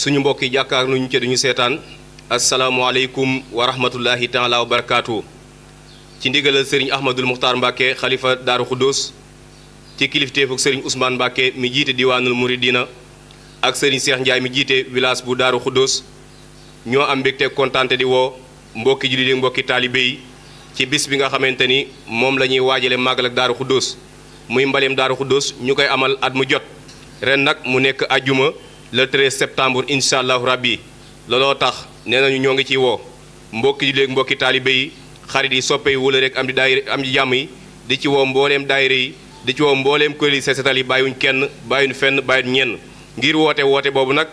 suñu mbokk jàkkaar lu ñu ci duñu warahmatullahi alaykum wa rahmatullahi taala wa barakatuh ci ndigalal serigne ahmadul Mukhtar mbake khalifa daru xuddoos ci fuk serigne ousmane mbake mi jité diwanul muridina ak serigne cheikh ndjay mi jité village bu daru xuddoos ño am bekté contenté di mbokk mbokki jullit mbokk talibé yi ci bis bi nga xamanteni mom lañuy wajalé magal ak daru muy mbalem daru ñukay amal at mu jot ren nak mu nek aljuma le 13 septembre incha allahu rabbi looloo tax nee nañu ñoo ngi ciy woo mbokki yi léegi mbokki taalibe yi xarit yi soppe yi wala rek am di daayira am di jàmm yi di ci woo mbooleem daayira yi di ci woo mbooleem kuréel yi seetal yi bàyyiwuñ kenn bàyyiwuñ fenn bàyyiwuñ ñenn ngir woote woote boobu nag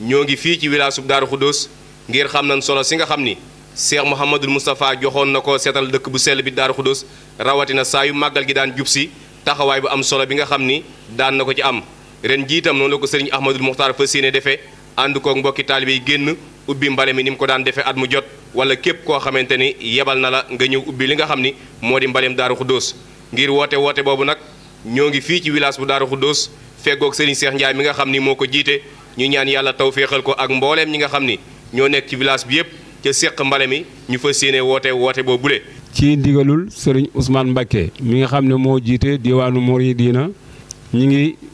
ñoo ngi fii ci village sub Daaru Xuddoos ngir xam nañ solo si nga xam ni Cheikh Mouhamadul Moustapha joxoon na ko seetal dëkk bu sell bi Daaru Xuddoos rawatina saa yu màggal gi daan jub si taxawaay bu am solo bi nga xam ni daan na ko ci am ren jiitam noonu la ko sëriñ Ahmadul Muxtaar fas yéene defee ànd koog mbokki taalibe yi génn ubbi mbale mi ni mu ko daan defee at mu jot wala képp koo xamante ni yebal na la nga ñëw ubbi li nga xam ni moo di mbaleem Daaru Xuddoos ngir woote woote boobu nag ñoo ngi fii ci village bu Daaru Xuddoos feggoog sëriñ Seex Njaay mi nga xam ni moo ko jiite ñu ñaan yàlla tawféexal ko ak mbooleem ñi nga xam ni ñoo nekk ci village bi yëpp ca séq mbale mi ñu fas yéene woote woote boo bule ci ndigalul sëriñ Ousmane Mbakke mi nga xam ne moo jiite diwaanu Mouridina ñi ngi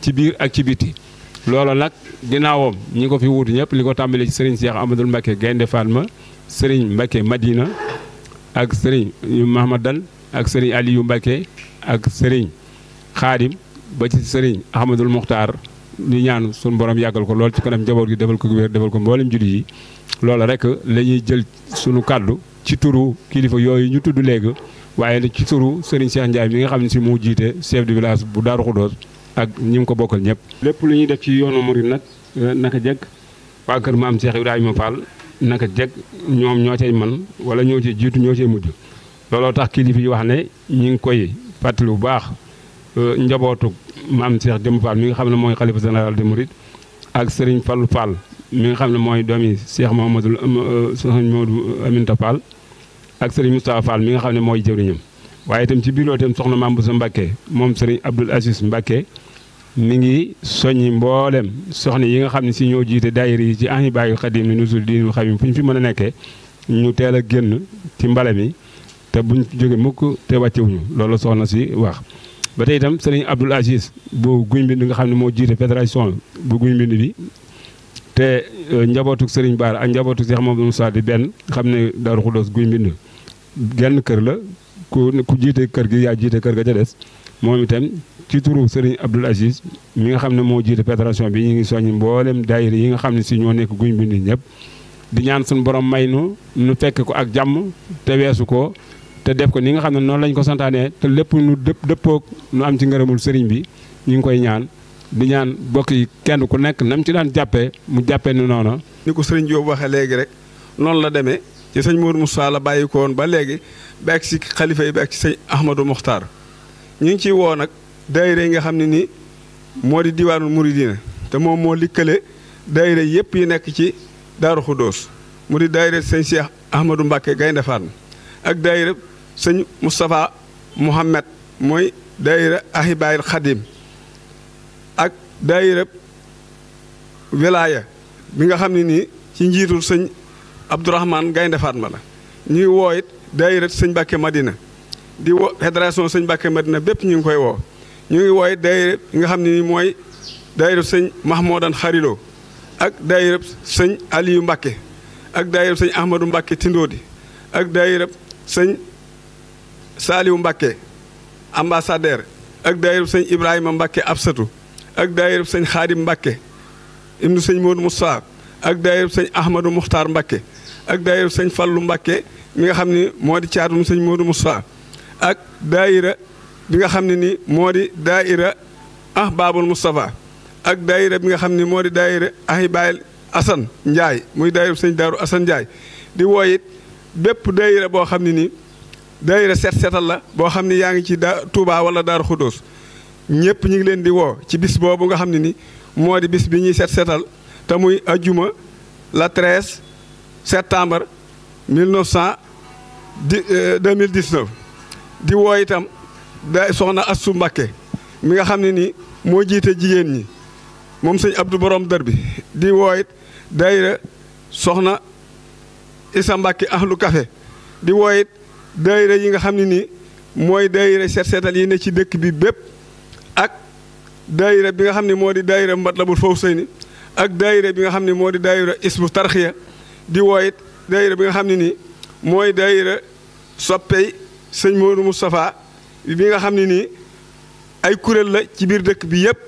ci biir ak ci biti loolu nag ginnaawam ñi ko fi wuutu ñëpp li ko tàmbalee ci sëriñ Cheikh Amadou Mbacke Gaynde Fatma sëriñ Mbacke Madina ak sëriñ Mahamadan ak sëriñ Aliou Mbacke ak sëriñ Xaadim ba ci sëriñ Ahmadul Muxtaar ñu ñaan suñu borom yàggal ko lool ci kanam njaboot gi defal ko wér defal ko mboolem jullit yi loolu rek lañuy jël sunu kàddu ci turu kilifa yooyu ñu tudd léegi waaye ci turu sëriñ Cheikh Ndiaye mi nga xam ne si mu jiite chef village bu Darou Khoudoss ak ñi mu ko bokkal ñëpp. lépp lu ñuy def ci yoonu murid nag eh, naka jekk waa kër maam Cheikh Ibrahima Fall naka jekk ñoom ñoo cay man wala ñoo ci jiitu ñoo cay mujj looloo tax kii kilifa fi wax ne ñi ngi koy fàttali bu baax eh, njabootu maam Cheikh Jëmb Fall mi nga xam ne mooy xalifa général de Mouride ak Serigne Fallou Fall mi nga xam ne mooy doomi Cheikh Mouhamadou Serigne eh, Mouhamadou Aminta Fall ak Serigne Moustapha Fall mi nga xam ne mooy jëwriñam waaye itam ci biir loolu soxna maam Boussa Mbacke moom seriñ Abdoul Aziz Mbacke. mi ngi soññi mboolem soxna yi nga xam ne si ñoo jiite daayira yi ci Ahibahil Khadim ni nusul diinul xadim fu ñu fi mën a nekkee ñu teel a génn ci mbale mi te buñ jóge mukk te wàccewuñu loolu soxna si wax ba tey itam sëriñ Abdoul Aziz bu guy mbind nga xam ne moo jiite fédération bu guy mbind bi te euh, njabootuk sëriñ Baara ak njabootuk Cheikh Mamadou Moussa di benn xam ne Daaru Xuddoos guy mbind genn kër la ku ku jiite kër gi yaa jiite kër ga ca des moom itam ci turu Serigne Abdoul Aziz mi nga xam ne moo jiite fédération bi ñu ngi soññ mboolem daayira yi nga xam ne si ñoo nekk guñ bindi ñëpp di ñaan suñu borom may nu nu ko ak jàmm te weesu ko te def ko ni nga xam ne noonu lañ ko santaanee te lépp nu dëpp dëppoog nu am ci ngërëmul Serigne bi ñu ngi koy ñaan di ñaan bokk yi kenn ku nekk nam ci daan jàppee mu jàppee ni noonu. ni ko Serigne Diop waxee léegi rek noonu la demee ci sëñ Mourou Moussa la bàyyi ko ba léegi ba ak si xalifa yi ba ak si sëñ Ahmadou Mokhtar ñu ngi ciy woo nag daayira yi nga xam ne ni moo di diwaanul muridina te moom moo likkale daayira yépp yi nekk ci daaru xudóos mu di daayira sëñ Cheikh Ahmadou Mbacke Gaynde Fatma ak daayira sëñ Moustapha Mohamed mooy daayira Ahibayil Xadim ak daayira wilaaya bi nga xam ne nii ci njiitul sëñ Abdourahman Gaynde Fatma la ñuy woo it sëñ Mbacke Madina di wo fédération sëñ Mbàkke Madina bépp ñu ngi koy woo ñu ngi wooy daayira nga xam ne ni mooy daayira sëñ Mahmoudan Xarilo ak daayira sëñ Aliyu Mbàkke ak daayira sëñ Ahmadou Mbàkke Tindoodi ak daayira sëñ Saaliwu Mbàkke ambassadeur ak daayira sëñ Ibrahima Mbàkke Absatu ak daayira sëñ Xaadim Mbàkke ibnu sëñ Moodu Musaa ak daayira sëñ Ahmadou Muxtaar Mbàkke ak daayira sëñ Fallu Mbàkke mi nga xam ni moo di caatum sëñ Moodu Musaa ak daayira bi nga xam ne ni moo di daayira ahbaabul Moustapha ak daayira bi nga xam ni moo di daayira ahibaayil Assane Ndiaye muy daayira sëñ Daaru Assane Ndiaye di wooyit bépp daayira boo xam ne ni daayira seet seetal la boo xam ne yaa ngi ci da Touba wala Daaru Xudóos ñëpp ñu ngi leen di woo ci bis boobu nga xam ne ni moo di bis bi ñuy seet seetal te muy ajuma la 13 septembre 1900 di 2019 di woo itam da soxna Astou Mbacké mi nga xam ne nii moo jiite jigéen ñi moom sëy Abdou Borom Dër bi di woo it soxna Issa Mbacké Ahlu kafe di woo it yi nga xam ne nii mooy daayira seet seetal yi ne ci dëkk bi bépp ak daayira bi nga xam ne moo di daayira Matlabul Fawzayni ak daayira bi nga xam ne moo di daayira Isbu Tarxiya di woo it bi nga xam ne nii mooy daayira soppey sëñ Modou Moustapha bi nga xam ne nii ay kuréel la ci biir dëkk bi yëpp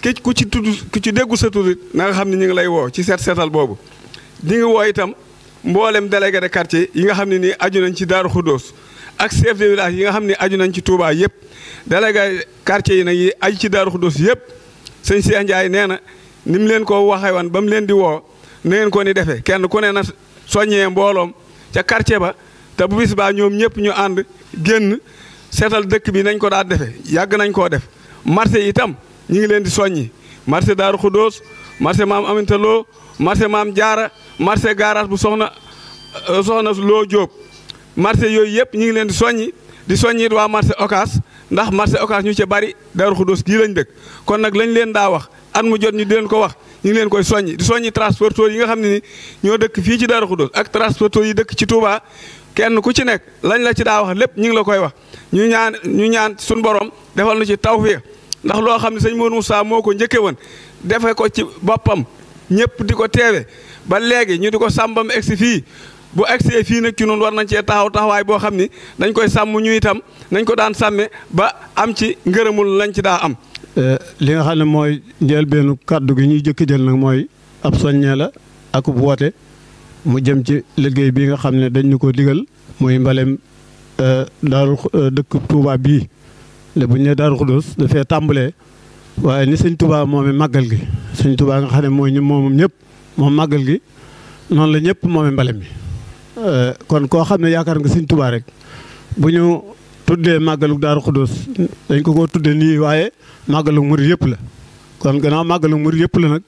ki ku ci tudd ku ci déggu sa tudd na nga xam ne ñu ngi lay woo ci seet seetal boobu ñu woo itam mboolem délégué de quartier yi nga xam ne nii aju nañ ci Daaru Xuddoos ak chef de yi nga xam ne aju nañ ci Touba yëpp délégué quartier yi nag yi aju ci Daaru Xuddoos yëpp sëñ si Cheikh Ndiaye nee na ni mu leen ko waxee woon ba mu leen di woo na ngeen ko ni defee kenn ku nee na soññee mbooloom ca quartier ba te bu bis baa ñoom ñëpp ñu ànd génn seetal dëkk bi nañ ko daa defee yàgg nañ koo def marché itam ñu ngi leen di soññi marché Daaru Xudóos marché maam Aminta loo marché maam Jaara marché garage bu soxna euh, soxna loo Jóob marché yooyu yëpp ñu ngi leen di soññ di soññi waa marché Ocass ndax marché Ocass ñu ci bari Daaru Xudóos gii lañ dëkk kon nag lañ leen daa wax at mu jot ñu di leen ko wax ñu leen koy soññi di soññi transporteurs yi nga xam ne ni ñoo dëkk fii ci Daaru Xudóos ak transporteurs yi dëkk ci Touba kenn ku ci nekk lañ la ci daa wax lépp ñu ngi la koy wax ñu ñaan ñu ñaan suñu borom defal nu ci tawfiix ndax loo xam ne sëñ Mourou Moussa moo ko njëkke woon defe ko ci boppam ñëpp di ko teewe ba léegi ñu di ko sàmbam egsi fii bu egsee fii nag ci noonu war nañ cee taxaw taxawaay boo xam ni dañ koy sàmm ñu itam nañ ko daan sàmme ba am ci ngërëmul lañ ci daa am. Euh, li nga xam ne mooy njëlbeenu kàddu gi ñuy jëkk jël nag mooy ab soññee la ak woote. mu jëm ci liggéey bii nga xam ne dañ ñu ko digal mooy mbalem euh, daaru euh, dëkk tuubaa bii le bu ñu nee Daaru Xudus dafee tàmbalee waaye ni sëñ Touba moom màggal gi sëñ Touba nga xam ne mooy ñu moomam ñëpp moom màggal gi noonu la ñëpp moom mbalem bi euh, kon koo xam ne yaakaar nga sëñ Touba rek bu ñu tuddee màggalu Daaru Xudus dañ ko koo tuddee nii waaye màggalu murid yëpp la kon gannaaw màggalu murid yëpp la nag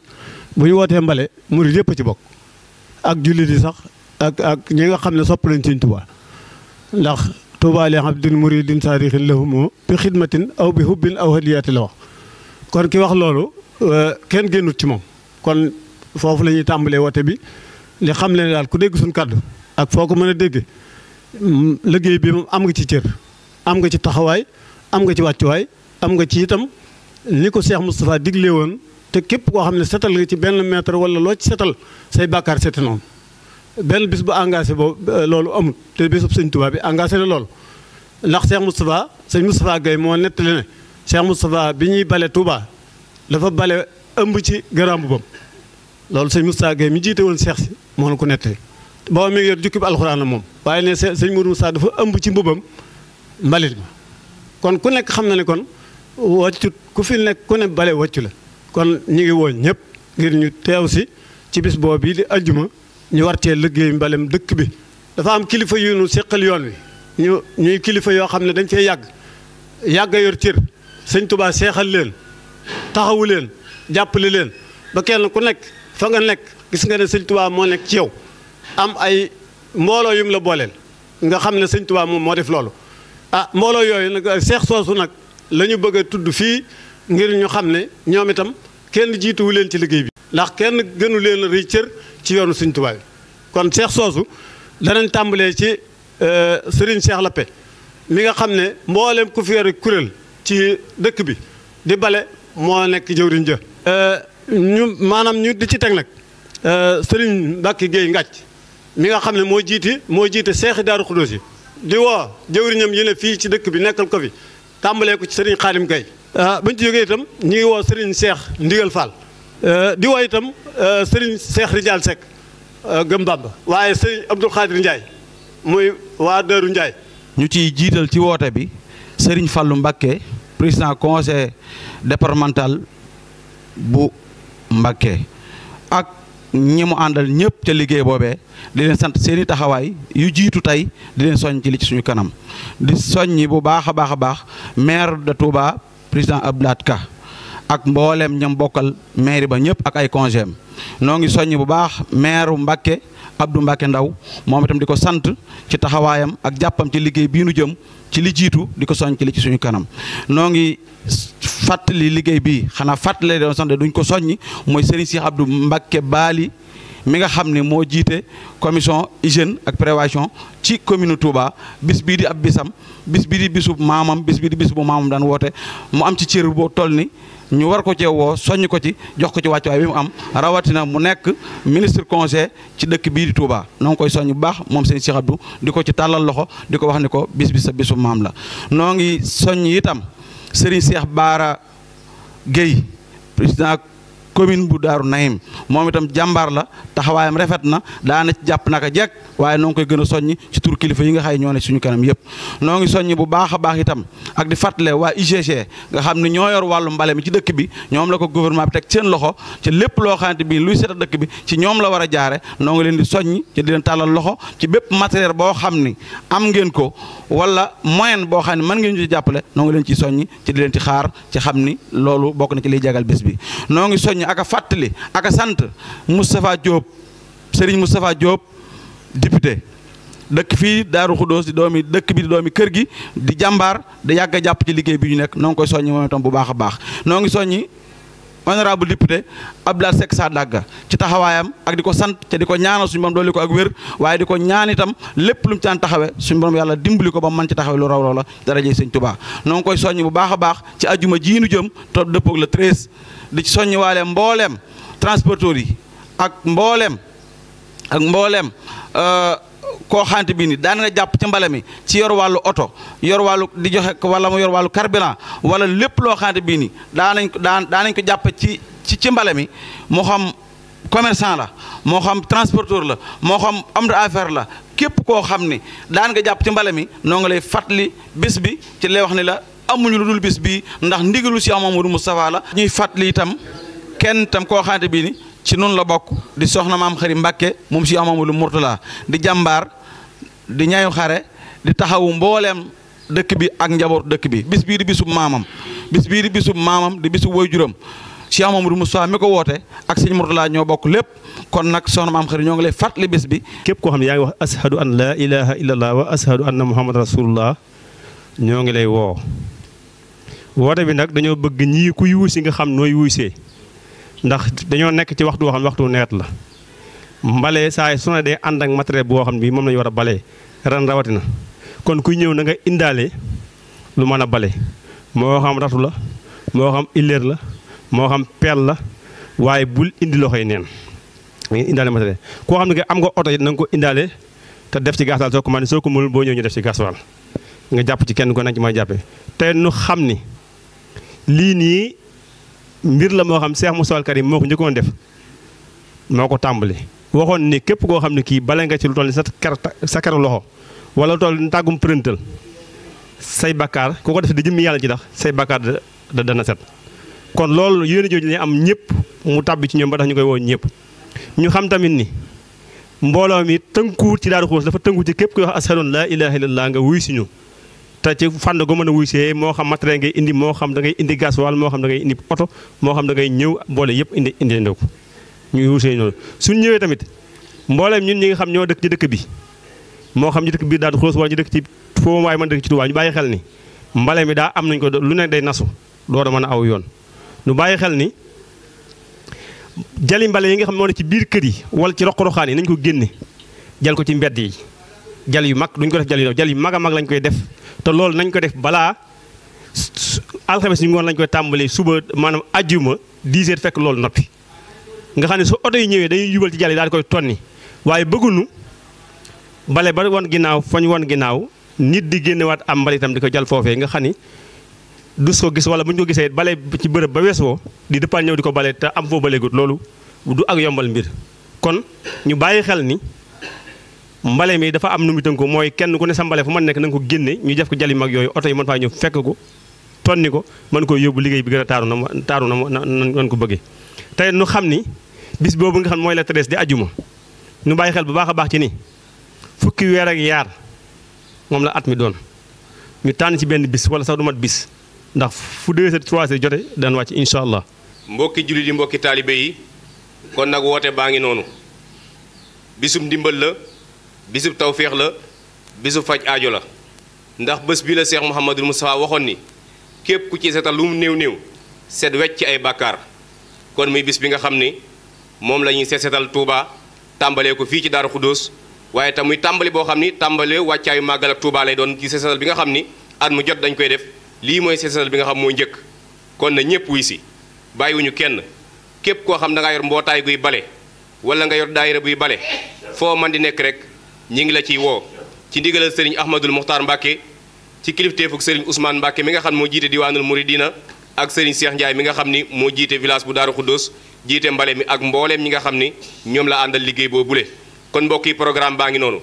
bu ñu wootee mbale murid yëpp ci bokk. ak jullit yi sax ak ak ñi nga xam ne sopp nañ sëñ Tuubaa ndax Tuubaa li abdin muridin saadixin lahumu bi xidmatin aw bi hubbin aw hadiyaati la wax kon ki wax loolu euh, kenn génnut ci moom kon foofu lañuy ñuy tàmbalee bi li xam leen daal ku dégg suñ kàddu ak foo ko mën a dégg liggéey bi moom am nga ci cër am nga ci taxawaay am nga ci wàccuwaay am nga ci itam ni ko Cheikh Moustapha digle woon te képp koo xam ne setal nga ci benn mètre wala loo ci setal say bàkkaar seti benn bis bu engagé boobu euh, loolu amul te bisub sëñ bi engagé na loolu ndax Cheikh Moustapha sëñ Moustapha Gueye moo nettali ne Cheikh Moustapha bi ñuy bale Touba dafa bale ëmb ci garaam bam loolu sëñ Moustapha Gueye mi jiite woon Cheikh si moo na ko nettali booba mi yor jukki bi alxuraan la moom waaye ne sëñ Mourou saa dafa ëmb ci mbubam mbalit ma kon ku nekk xam na ne kon wàccut ku fi nekk ku ne bale wàccu la kon ñu ngi woon ñëpp ngir ñu teew si ci bis boobu bii di ajjuma ñu war cee liggéey mbalem dëkk bi dafa am kilifa yu nu séqal yoon wi ñu ñuy kilifa yoo xam ne dañ fee yàgg yàgg a yor cër sëñ seexal leen taxawu leen jàppale leen ba kenn ku nekk fa nga nekk gis nga ne sëñtubaa moo nekk ci yow am ay mbooloo yum la booleel nga xam ne sëñ Tuubaa moom moo def loolu ah mbooloo yooyu nag seex soosu nag la ñu bëgg tudd fii ngir ñu xam ne ñoom itam kenn jiituwu leen ci liggéey bi ndax kenn gënu leen a rëy cër ci yoonu Sëriñ Tuubaa kon seex soosu danañ tàmbalee ci euh, Serigne Cheikh Lappe mi nga xam ne mbooleem ku fi yore kuréel ci dëkk bi di bale moo nekk jëwriñ ja euh, ñu maanaam ñu di ci teg nag euh, Serigne Mbacke Gueye Ngathie mi nga xam ne moo jiiti moo jiite seexi Daaru Xudoos yi di woo jëwriñam yi ne fii ci dëkk bi nekkal ko fi tàmbalee ko ci Serigne Xaadim Gueye Ah, buñ ci jógee itam ñu ngi woo Serigne Cheikh Ndigal Fall eh, di woo itam eh, Serigne Cheikh Ridial Seck eh, Gëm Bamba waaye Serigne Abdoul Khadir Ndiaye muy waa Dëru Ndiaye. ñu ciy jiital ci woote bi sëriñ Fallou Mbakke président conseil départemental bu Mbakke ak ñi àndal ñëpp ca liggéey boobe di leen sant seeni taxawaay yu jiitu tey di leen soññ ci li suñu kanam di soññi bu baax a baax a baax maire président Abdoulaye Ka ak mbooleem ñam bokkal maire ba ñëpp ak ay congé am noo ngi soññ bu baax maire Mbacke Abdou Mbacke Ndaw moom itam di ko sant ci taxawaayam ak jàppam ci liggéey bii nu jëm ci li jiitu di ko soññ ci li suñu kanam noo ngi fàttali liggéey bii xanaa fàttali doon sant duñ ko soññ mooy Serigne Cheikh Abdou Mbacke Baali mi nga xam ne moo jiite commission hygiène ak prévention ci commune Touba bis bii di ab bisam bis bii di bisu maamam bis bii di bis bu maamam daan woote mu am ci cër boo toll ni ñu war ko cee woo soññ ko ci jox ko ci wàccuwaay bi mu am rawatina mu nekk ministre conseil ci dëkk bii di Touba noo koy soññ bu baax moom seen Cheikh Abdou di ko ci tàllal loxo di ko wax ni ko bis bi sa bisu maam la noo ngi soññ itam Serigne Cheikh Baara Guèye président commune bu Daaru Nahim moom itam jàmbaar la taxawaayam rafet na daana jàpp jàpp naka jekk waaye noo ngi koy gën a soññ ci tur kilifa yi nga xay ñoo ne suñu kanam yëpp noo ngi soññ bu baax a baax itam ak di fàttale waa UGC nga xam ne ñoo yor wàllu mbale mi ci dëkk bi ñoom la ko gouvernement bi teg seen loxo ci lépp loo xamante bi luy setal dëkk bi ci ñoom la war a jaare noo leen di soññ ci di leen tàllal loxo ci bépp matériel boo xam ni am ngeen ko wala moyen boo xam ne mën ngeen ñu ci jàppale noo ngi leen ci soññ ci di leen ci xaar ci xam ni loolu bokk na ci liy jagal bés bi soññ ak a fàttali ak sant Moustapha Diop Serigne Moustapha Diop député dëkk fii Daaru Xuddoos di doomi dëkk bi di doomi kër gi di jàmbaar di yàgg jàpp ci liggéey bi ñu nekk noo ngi koy soññi moom itam bu baax a baax noo ngi soññi honorable député Abdoulaye Seck Sadaga ci taxawaayam ak di ko sant te di ko ñaanal suñu borom dolli ko ak wér waaye di ko ñaan itam lépp lu mu caan taxawe suñu yàlla dimbali ko ba mu mën ci taxawe lu la daraje sëñ Tuubaa noo ngi koy soññ bu baax a baax ci ajuma jiinu jëm topp dëppoog le 13 di ci soññiwaale mbooleem transporteur yi ak mbooleem ak mbooleem euh, koo xante bi ni daan nga jàpp ci mbale mi ci yor wàllu oto yor wàllu di joxe wala mu yor wàllu carburant wala lépp loo xante bi ni daan nañ daan daan ko jàpp ci ci ci mbala mi moo xam commerçant la moo xam transporteur la moo xam am na affaire la képp koo xam ni daan nga jàpp ci mbala mi noo lay fàttali bés bi ci lay ni la amuñu lu dul bis bii ndax ndigalu si Amadou Moustapha la. ñuy fàttali itam kenn tam koo xamante bi ni ci noonu la bokk di soxna maam xëri Mbàkke moom si Amadou Mourtala di jàmbaar di ñaayu xare di taxawu mboolem dëkk bi ak njaboot dëkk bi bis bii di bisu maamam bis bii di bisub maamam di bisub waajuram Cheikh Mamadou Moustapha mi ko woote ak sëñ Mourtala ñoo bokk lépp kon nag soxna maam xëri ñoo ngi lay fàttali bis bi. képp koo xam yaa ngi wax ashadu an wa ashadu anna muhammad rasulullah ñoo ngi lay woo. woote bi nag dañoo bëgg ñii kuy wuusi nga xam nooy wuusee ndax dañoo nekk ci waxtu woo ne waxtu nawet la mbale saa su ne dee ànd ak matériel boo xam ne bii moom la war a balee ren rawatina kon kuy ñëw na nga indaale lu mën a bale moo xam ratu la moo xam illeer la moo xam peel la waaye bul indi loxo neen ngeen indaale matériel koo xam ne am ko oto yi na ko indaale te def ci gasoil soo ko mën soo ko mënul boo ñëw ñu def ci gasoil nga jàpp ci kenn ko nañ ci mën a jàppee lii nii mbir la moo xam Cheikh mu solkar yi moo ko njëkkoon def moo ko tàmbali. waxoon ni képp koo xam ne kii bale nga ci lu toll ni sa ker sa ker loxo wala lu toll ni tàggum përëntal say bakkaar ku ko def di jëmmi yàlla ji tax say bakkaar da dana set. kon loolu yéen jooju ne am ñëpp mu tàbbi ci ñoom ba tax ñu koy woo ñëpp ñu xam tamit ni mbooloo mi tënkuwut ci Daaru Xudoos dafa tënku ci képp kuy wax ashadu an laa ilaaha illallaah nga wuy si ñu te ci fànn gu mën a wuysee moo xam matériel ngay indi moo xam da ngay indi gasoil moo xam da ngay indi oto moo xam da ñëw boole yëpp indi indi ndoo ko ñu wuysee noonu suñ ñëwee tamit mbooleem ñun ñi nga xam ñoo dëkk ci dëkk bi moo xam ci dëkk bi daal xulóos wala ñu dëkk ci foofu waaye man dëkk ci Tuubaa ñu bàyyi xel ni mbale mi daa am nañ ko lu ne day nasu door a mën a aw yoon lu bàyyi xel ni jali mbale yi nga xam moo ne ci biir kër yi wala ci roq-roqaan yi nañ ko génne jal ko ci mbedd yi jal yu mag duñ ko def jal yu mag a mag lañ koy def te lol nañ ko def bala alxames ñu ngoon lañ koy tambali suba manam aljuma 10 h fekk lol nopi nga xam su auto yi ñewé dañuy yubal ci jali yi daal koy tonni waaye bëggunu bale ba won ginaaw fañ won ginaaw nit di wat am mbalitam tam diko jël fofé nga xam ni dus ko gis wala buñ ko gisé bale ci bëreub ba weesoo di dëppal ñew diko balé bale te am balé gut lolou du ak yombal mbir kon ñu bayyi xel ni mbale mi dafa am nu mu tënku mooy kenn ku ne sa mbale fu mën nekk na ko génne ñu def ko jali mag yooyu oto yi mën faa ñëw fekk ko tonni ko mën koo yóbbu liggéey bi gën a taaru na taaru na nan ko bëggee tey nu xam ni bis boobu nga xam ne mooy la treize di ajuma nu bàyyi xel bu baax a baax ci ni fukki weer ak yaar moom la at mi doon ñu tànn ci benn bis wala sax du mat bis ndax fu deux heures trois heures jote daan wàcc incha allah. mbokki jullit yi mbokki taalibe yi kon nag woote baa ngi noonu bisub tawféex la bisub faj aajo la ndax bés bii la seex Mouhamadul Moustapha waxoon ni képp ku ci setal lu mu néew néew set wecc ci ay bàkkaar kon muy bis bi nga xam ni moom la ñuy seet setal Touba tàmbalee ko fii ci Daaru Xudóos waaye tam muy tàmbali boo xam ni tàmbale wàccaayu màggal ak Touba lay doon ci seet setal bi nga xam ni at mu jot dañ koy def lii mooy seet setal bi nga xam moo njëkk kon na ñëpp wuy si bàyyiwuñu kenn képp koo xam da yor mbootaay guy bale wala nga yor daayira buy bale foo man di nekk rek ñi ngi la ci wo ci ndigal serigne ahmadul muhtar mbake ci kilifteefuk Sering ousmane mbake mi nga xam mo jité diwanul muridina ak Siang cheikh ndjay mi nga xam ni mo jité village bu daru xuddoos jité mbale mi ak mbooleem ñi nga xam ni ñom la andal liggéey bo bulé kon mbokki programme baangi nonu